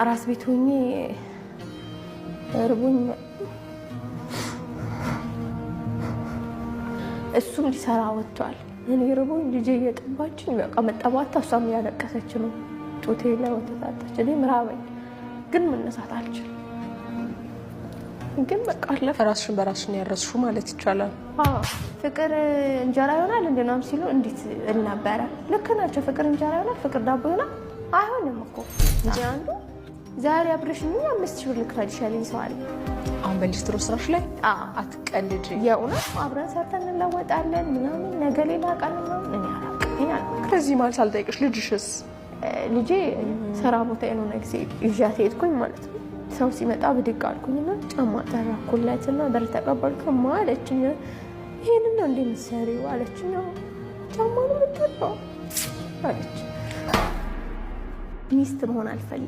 አራስ ቤት ሆኜ እርቦኝ እሱም ሊሰራ ወጥቷል። እኔ እርቦኝ ልጄ እየጠባችኝ በቃ መጠባታ እሷም እያለቀሰች ነው። ጡቴ ላይ ወተታጠች። እኔም ራበኝ፣ ግን መነሳት አልችልም። ግን በቃ አለፈ። ራስሽን በራስሽን ያረስሹ ማለት ይቻላል። ፍቅር እንጀራ ይሆናል እንደናም ሲሉ እንዴት እል ነበረ። ልክ ናቸው። ፍቅር እንጀራ ይሆናል፣ ፍቅር ዳቦ ይሆናል። አይሆንም እኮ እንጂ አንዱ ዛሬ አብረሽ ምን አምስት ሺህ ብር ልክፈልሽ ያለኝ ሰው አለ። አሁን በሊስትሮ ስራሽ ላይ አትቀልድ። የእውነት አብረን ሰርተን እንለወጣለን ምናምን፣ ነገ ሌላ ቀን ምናምን እኔ አላውቅም። ከዚህ ማለት አልጠይቅሽ። ልጅሽስ? ልጄ ስራ ቦታ የሆነ ጊዜ ይዣት ሄድኩኝ ማለት ነው። ሰው ሲመጣ ብድግ አልኩኝና ጫማ ጠራኩላትና በር ተቀበልኩ አለችኝ። ይህን ነው እንደ የምትሰሪው አለችኝ። ጫማ ነው የምትጠራው አለች። ሚስት መሆን አልፈልግም